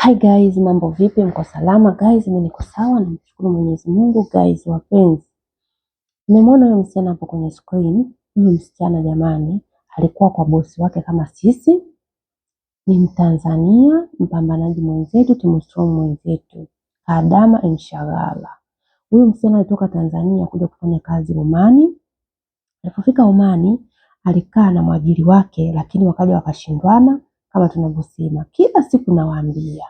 Hi guys, mambo vipi? Mko salama guys? Mimi niko sawa, namshukuru Mwenyezi Mungu guys. Wapenzi, nimemwona huyo msichana hapo kwenye screen. Huyo msichana jamani, alikuwa kwa bosi wake kama sisi, ni Mtanzania, mpambanaji mwenzetu, timu strong mwenzetu, Adama inshallah. Huyo msichana alitoka Tanzania kuja kufanya kazi Omani. Alipofika Omani, alikaa na mwajiri wake, lakini wakaja wakashindwana kama tunavyosema kila siku, nawaambia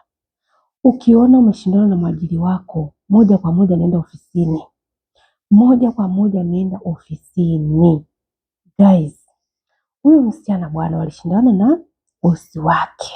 ukiona umeshindana na mwajiri wako, moja kwa moja nenda ofisini, moja kwa moja nenda ofisini. Guys, huyu msichana bwana, walishindana na bosi wake,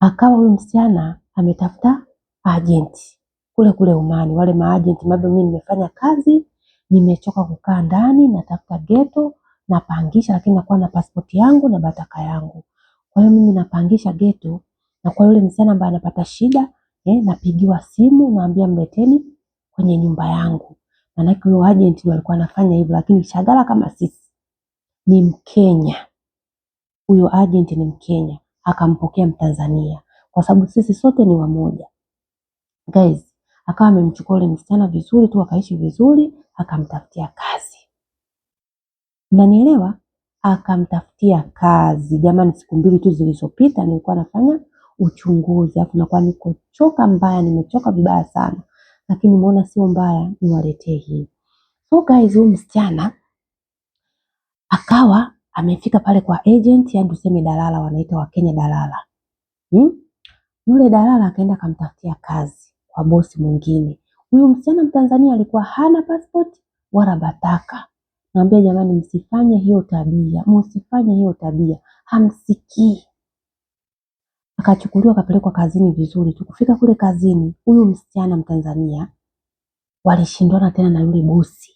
akawa huyu msichana ametafuta ajenti kule kule umani wale maajenti mabe, mimi nimefanya kazi nimechoka kukaa ndani, natafuta geto napangisha, lakini nakuwa na pasipoti yangu na bataka yangu. Kwa hiyo mimi napangisha geto, na kwa yule msichana ambaye anapata shida eh, napigiwa simu naambia mleteni kwenye nyumba yangu. Maanake huyo agent ndio alikuwa anafanya hivyo, lakini Shagala kama sisi ni Mkenya, huyo agent ni Mkenya akampokea Mtanzania kwa sababu sisi sote ni wamoja guys. Akawa amemchukua yule msichana vizuri tu, akaishi vizuri, akamtafutia kazi. Unanielewa? Akamtafutia kazi. Jamani, siku mbili tu zilizopita nilikuwa nafanya uchunguzi, afu nakuwa niko choka mbaya, nimechoka vibaya sana, lakini nimeona sio mbaya niwaletee hii. So guys, huyu msichana akawa amefika pale kwa agent, yaani tuseme dalala, wanaita Wakenya dalala hmm? Yule dalala akaenda akamtafutia kazi kwa bosi mwingine. Huyu msichana Mtanzania alikuwa hana passport wala bataka, Naambia jamani, msifanye hiyo tabia, msifanye hiyo tabia, hamsikii. Akachukuliwa akapelekwa kazini vizuri tu. Kufika kule kazini, huyu msichana Mtanzania walishindana tena na yule bosi.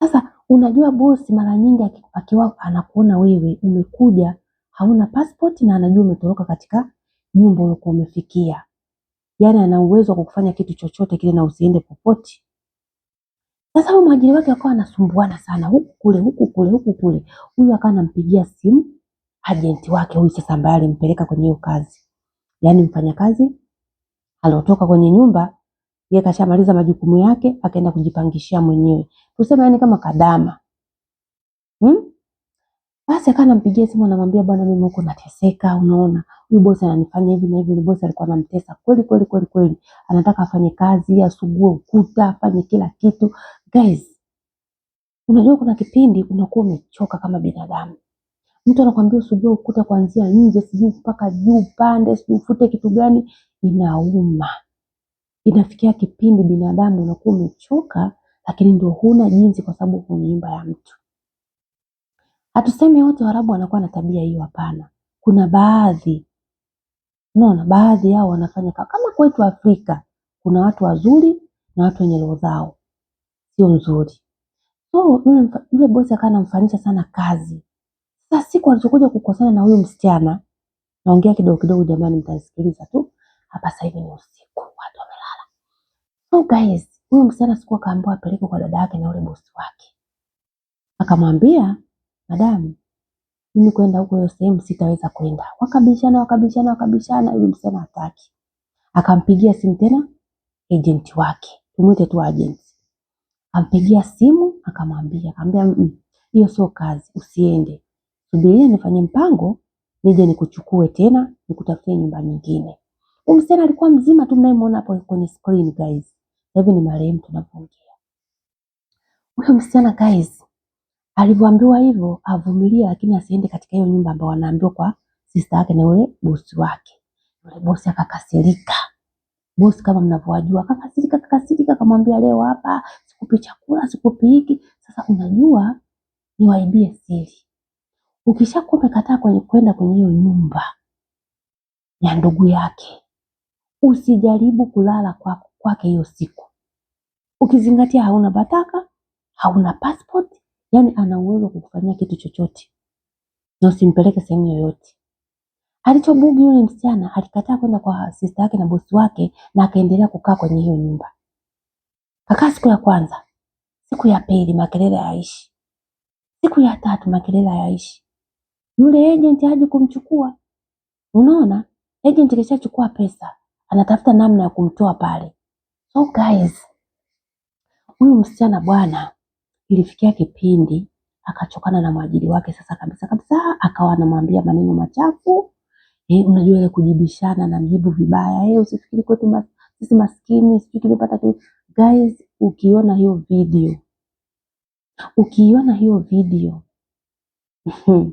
Sasa unajua bosi mara nyingi akiwa anakuona wewe umekuja hauna passport na anajua umetoroka katika nyumba ulikuwa umefikia, yaani ana uwezo wa kukufanya kitu chochote kile na usiende popote. Sasa huyu mwajiri wake akawa anasumbuana sana huku kule huku kule huku kule. Huyu akawa anampigia simu agenti wake huyu sasa ambaye alimpeleka kwenye hiyo kazi. Yaani mfanyakazi aliotoka kwenye nyumba yeye kashamaliza majukumu yake akaenda kujipangishia mwenyewe. Tuseme yani kama kadama. Hmm? Basi akawa anampigia simu anamwambia bwana mimi huko nateseka unaona. Huyu bosi ananifanya hivi na hivi, Ni bosi alikuwa anamtesa kweli kweli kweli kweli. Anataka afanye kazi, asugue ukuta, afanye kila kitu. Guys, unajua kuna kipindi unakuwa umechoka kama binadamu. Mtu anakwambia usijue ukuta kuanzia nje, sijui mpaka juu pande, sijui ufute kitu gani, inauma. Inafikia kipindi binadamu unakuwa umechoka, lakini ndio huna jinsi, kwa sababu kwenye nyumba ya mtu. Hatusemi wote Waarabu wanakuwa na tabia hiyo, hapana. Kuna baadhi, unaona, baadhi yao wanafanya kama kwetu Afrika, kuna watu wazuri na watu wenye roho zao sio nzuri. So yule yule bosi akawa anamfanyisha sana kazi. Sasa siku alichokuja kukosana na huyu msichana, naongea kidogo kidogo, jamani, mtasikiliza tu hapa. Sasa hivi ni usiku, watu wamelala. So guys, huyu msichana siku akaambiwa apeleke kwa dada yake na yule bosi wake, akamwambia madam, mimi kwenda huko hiyo sehemu sitaweza kwenda. Wakabishana, wakabishana, wakabishana, yule msichana hataki, akampigia simu tena agent wake, tumwite tu agent Ampigia simu akamwambia, akamwambia mm, hiyo sio kazi, usiende, subiria nifanye mpango, nije nikuchukue tena nikutafutie nyumba nyingine. Huyu msichana alikuwa mzima tu mnayemwona hapo kwenye screen guys, hivi ni marehemu tunapoongea. Huyo msichana guys, alivyoambiwa hivyo avumilie, lakini asiende katika hiyo nyumba ambayo anaambiwa kwa sister yake na yule bosi wake. Yule bosi akakasirika, Bosi kama mnavyowajua, kakasirika kakasirika, kamwambia leo hapa sikupi chakula, sikupi hiki. Sasa unajua ni waibie siri. Ukishakuwa umekataa kwenye kwenda kwenye hiyo nyumba ya ndugu yake, usijaribu kulala kwako kwake hiyo siku, ukizingatia hauna bataka, hauna passport, yani ana uwezo kukufanyia kitu chochote, na usimpeleke sehemu yoyote. Alichobugi yule msichana, alikataa kwenda kwa sista yake na bosi wake, na akaendelea kukaa kwenye hiyo nyumba. Kakaa siku ya kwanza, siku ya pili makelele hayaishi, siku ya tatu makelele hayaishi, yule agent haji kumchukua. Unaona, agent kishachukua pesa, anatafuta namna ya kumtoa pale. So guys, huyu msichana bwana, ilifikia kipindi akachokana na mwajiri wake sasa kabisa kabisa, akawa anamwambia maneno machafu eh, unajua ya kujibishana na mjibu vibaya eh, usifikiri kwetu mas, sisi maskini sisi tumepata tu. Guys, ukiona hiyo video ukiona hiyo video mhm,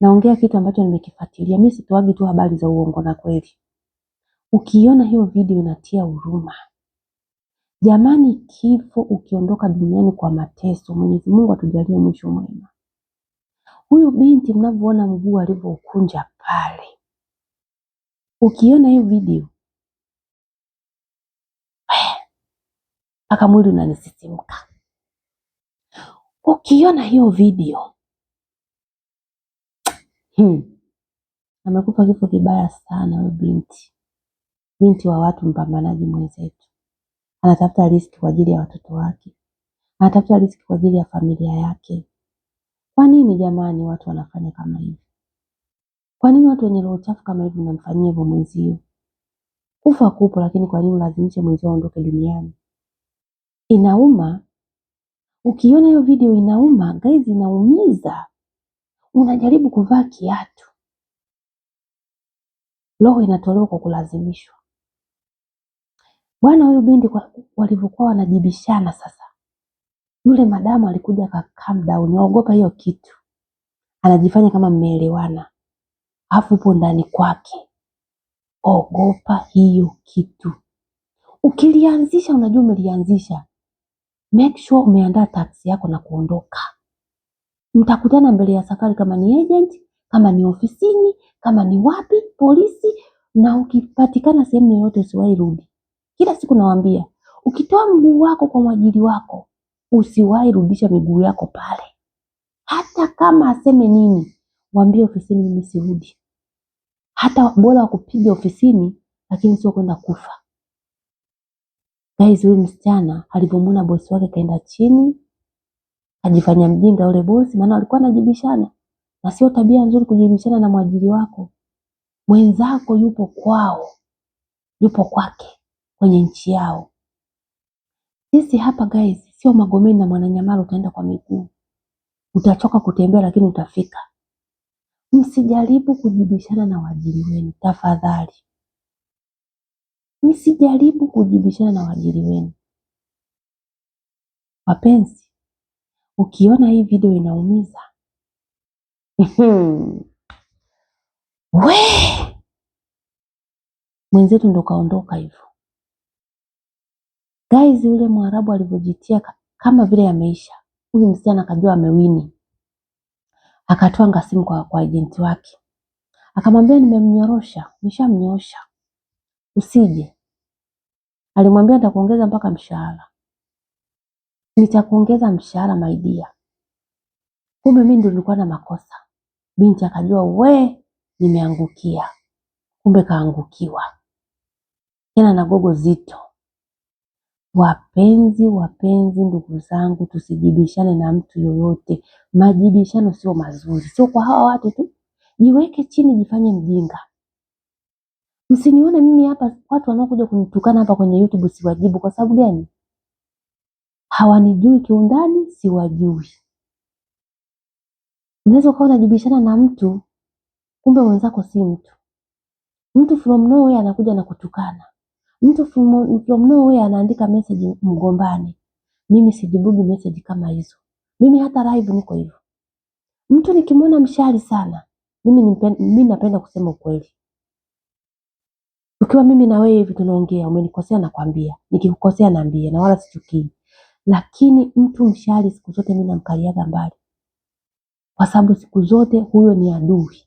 naongea kitu ambacho nimekifuatilia mimi, sitoagi tu habari za uongo na kweli. Ukiona hiyo video inatia huruma jamani. Kifo ukiondoka duniani kwa mateso, Mwenyezi Mungu atujalie mwisho mwema. Huyu binti mnavyoona mguu alivyokunja pale, Ukiona hiyo video mpaka mwili unanisisimka. Ukiona hiyo video hmm, amekupa kifo kibaya sana huyo binti, binti wa watu, mpambanaji mwenzetu, anatafuta riski kwa ajili ya watoto wake, anatafuta riski kwa ajili ya familia yake. Kwa nini jamani watu wanafanya kama hivi? Kwa nini watu wenye roho chafu kama hivi mnamfanyia hivyo mwenzio? Kufa kupo, lakini kwa nini ulazimishe mwenzio aondoke duniani? Inauma. Ukiona hiyo video inauma, guys, inaumiza. Unajaribu kuvaa kiatu, roho inatolewa kwa kulazimishwa. Bwana huyu binti walivyokuwa wanajibishana sasa, yule madamu alikuja ka calm down, hiyo kitu, anajifanya kama mmeelewana afu upo ndani kwake. Ogopa hiyo kitu. Ukilianzisha unajua umelianzisha. Make sure umeandaa taksi yako na kuondoka. Mtakutana mbele ya safari, kama ni agent, kama ni ofisini, kama ni wapi, polisi. Na ukipatikana sehemu yoyote usiwahi rudi. Kila siku nawaambia, ukitoa mguu wako kwa mwajiri wako usiwahi rudisha miguu yako pale, hata kama aseme nini, mwambie ofisini, mimi sirudi hata bora wakupiga ofisini, lakini sio kwenda kufa. Guys, huyu msichana alivyomwona bosi wake kaenda chini, ajifanya mjinga yule bosi, maana alikuwa anajibishana, na sio tabia nzuri kujibishana na mwajiri wako. Mwenzako yupo kwao, yupo kwake kwenye nchi yao. Sisi hapa guys, sio Magomeni na Mwananyamala utaenda kwa miguu, utachoka kutembea, lakini utafika. Msijaribu kujibishana na waajiri wenu tafadhali. Msijaribu kujibishana na waajiri wenu. Wapenzi, ukiona hii video inaumiza hmm, we mwenzetu ndo kaondoka hivyo. Guys, yule Mwarabu alivyojitia kama vile ameisha huyu msichana akajua amewini akatwanga simu kwa, kwa ajenti wake akamwambia, nimemnyorosha, nishamnyorosha, usije. Alimwambia nitakuongeza mpaka mshahara, nitakuongeza mshahara maidia. Kumbe mimi ndio nilikuwa na makosa. Binti akajua we, nimeangukia. Kumbe kaangukiwa tena na gogo zito. Wapenzi wapenzi ndugu zangu tusijibishane na mtu yoyote. Majibishano sio mazuri. Sio kwa hawa watu tu. Jiweke chini jifanye mjinga. Msinione mimi hapa watu wanaokuja kunitukana hapa kwenye YouTube siwajibu kwa sababu gani? Hawanijui kiundani, siwajui. Unaweza ukawa unajibishana na mtu kumbe mwenzako si mtu. Mtu from nowhere anakuja na kutukana. Mtu from nowhere anaandika message mgombane. Mimi sijibugi message kama hizo. Mimi hata live niko hivyo. Mtu nikimwona mshari sana, mimi mimi napenda kusema ukweli. Ukiwa mimi na wewe hivi tunaongea, umenikosea nakwambia, nikikukosea naambia na wala sichukii. Lakini mtu mshari siku zote mimi namkaliaga mbali. Kwa sababu siku zote huyo ni adui.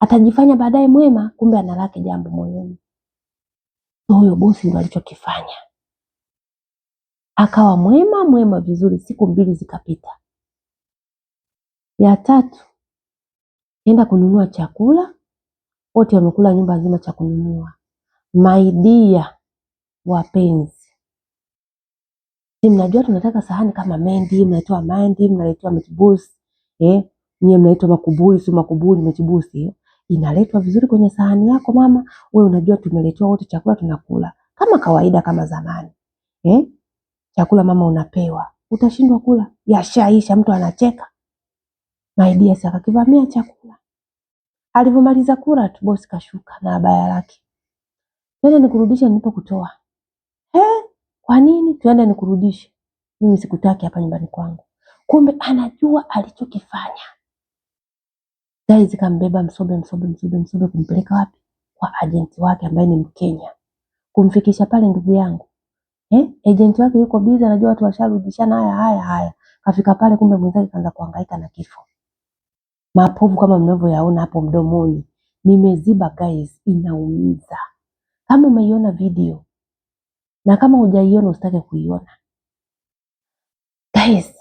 Atajifanya baadaye mwema, kumbe analake jambo moyoni huyo bosi ndo alichokifanya. Akawa mwema mwema vizuri, siku mbili zikapita. Ya tatu enda kununua chakula, wote wamekula nyumba nzima cha kununua. Maidia wapenzi, si mnajua tunataka sahani kama mendi, mnaitoa mandi, mnaletewa mechibusi eh? Nyie mnaitwa makubuli si makubuli mechibusi inaletwa vizuri kwenye sahani yako mama, wewe unajua tumeletewa wote chakula tunakula kama kawaida kama zamani. Eh? Chakula mama unapewa, utashindwa kula, yashaisha, mtu anacheka. Maidia saka kivamia chakula. Alivyomaliza kula tu bosi kashuka na abaya lake. Twende nikurudishe kutoa. Eh? Kwa nini twende nikurudishe? Mimi sikutaki hapa nyumbani kwangu. Kumbe anajua alichokifanya zai zikambeba Msobe, Msobe, Msobe, Msobe kumpeleka wapi? Kwa ajenti wake ambaye ni Mkenya, kumfikisha pale ndugu yangu eh, agent wake yuko busy, anajua watu washarudishana, haya haya haya, kafika pale, kumbe mwenzake kaanza kuhangaika na kifo. Mapovu kama mnavyoyaona hapo mdomoni, nimeziba guys, inaumiza. Kama umeiona video na kama hujaiona usitake kuiona guys,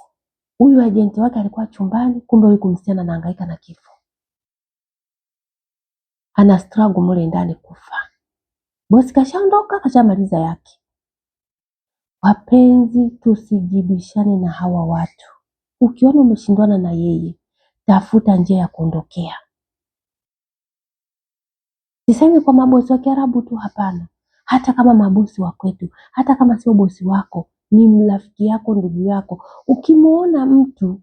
huyu agent wake alikuwa chumbani, kumbe huyu kumsichana anahangaika na kifo ana struggle mule ndani kufa. Bosi kashaondoka kashamaliza yake. Wapenzi, tusijibishane na hawa watu. Ukiona umeshindwana na yeye, tafuta njia ya kuondokea. Sisemi kwa mabosi wa Kiarabu tu, hapana. Hata kama mabosi wa kwetu, hata kama sio bosi wako, ni mrafiki yako, ndugu yako, ukimwona mtu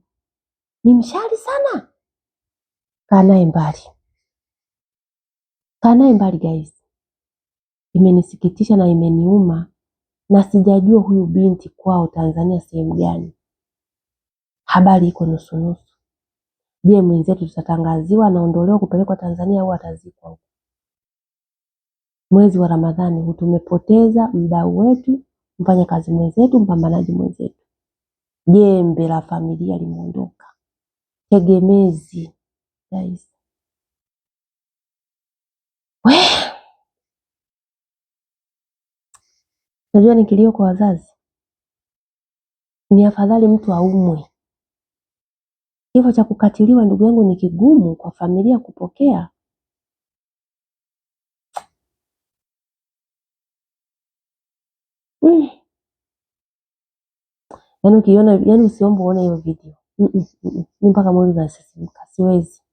ni mshari sana, kaa naye mbali kanaye mbali guys, imenisikitisha na imeniuma, na sijajua huyu binti kwao Tanzania sehemu gani, habari iko nusunusu. Je, mwenzetu tutatangaziwa anaondolewa kupelekwa Tanzania au atazikwa huko? Mwezi wa Ramadhani hutumepoteza tumepoteza mdau wetu, kazi mwenzetu, mpambanaji mwenzetu. Jembe la familia limeondoka, tegemezi guys. Wee. najua ni kilio kwa wazazi, ni afadhali mtu aumwe. Kifo cha kukatiliwa, ndugu yangu, ni kigumu kwa familia kupokea. Mm. Yaani ukiona, yaani usiombe uone hiyo video, ni mpaka mwili unasisimka, siwezi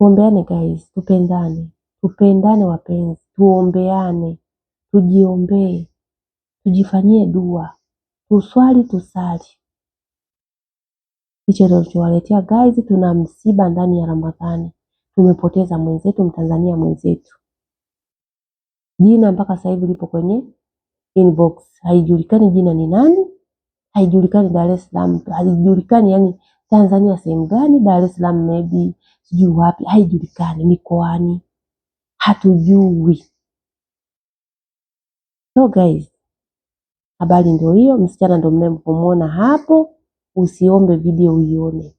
Tuombeane guys, tupendane, tupendane wapenzi, tuombeane, tujiombee, tujifanyie dua, tuswali, tusali. Hicho ndio tulichowaletea guys. Tuna msiba ndani ya Ramadhani, tumepoteza mwenzetu, mtanzania mwenzetu. Jina mpaka sasa hivi lipo kwenye inbox, haijulikani jina ni nani, haijulikani Dar es Salaam, haijulikani yani Tanzania sehemu gani, Dar es Salaam maybe sijui wapi, haijulikani mikoani, hatujui. So guys, habari ndio hiyo. Msichana ndio mnayemwona hapo. Usiombe video uione,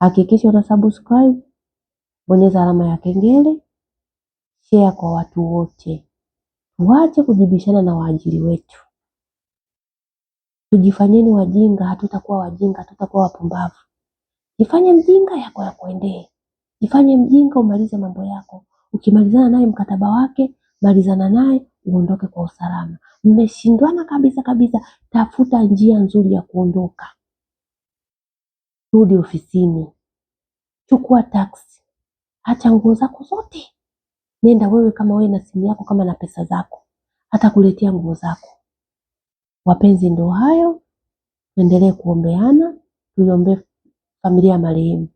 hakikisha una subscribe, bonyeza alama ya kengele, share kwa watu wote. Tuache kujibishana na waajiri wetu, tujifanyeni wajinga. Hatutakuwa wajinga, hatutakuwa wapumbavu. Jifanye mjinga, yako yakuendee. Jifanye mjinga umalize mambo yako. Ukimalizana naye mkataba wake, malizana naye uondoke kwa usalama. Mmeshindwana kabisa kabisa, tafuta njia nzuri ya kuondoka. Rudi ofisini, chukua taksi, acha nguo zako zote, nenda wewe kama wewe na simu yako, kama na pesa zako, kuletea nguo zako. Wapenzi, ndo hayo. Tuendelee kuombeana, tuiombee familia marehemu.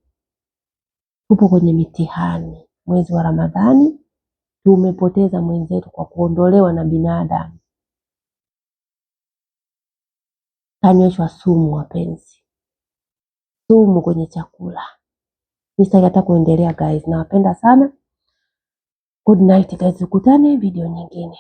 Tupo kwenye mitihani, mwezi wa Ramadhani tumepoteza mwenzetu kwa kuondolewa na binadamu, kanyweshwa sumu. Wapenzi, sumu kwenye chakula. Mi sitaki hata kuendelea guys, nawapenda sana. Good night guys, ukutane video nyingine.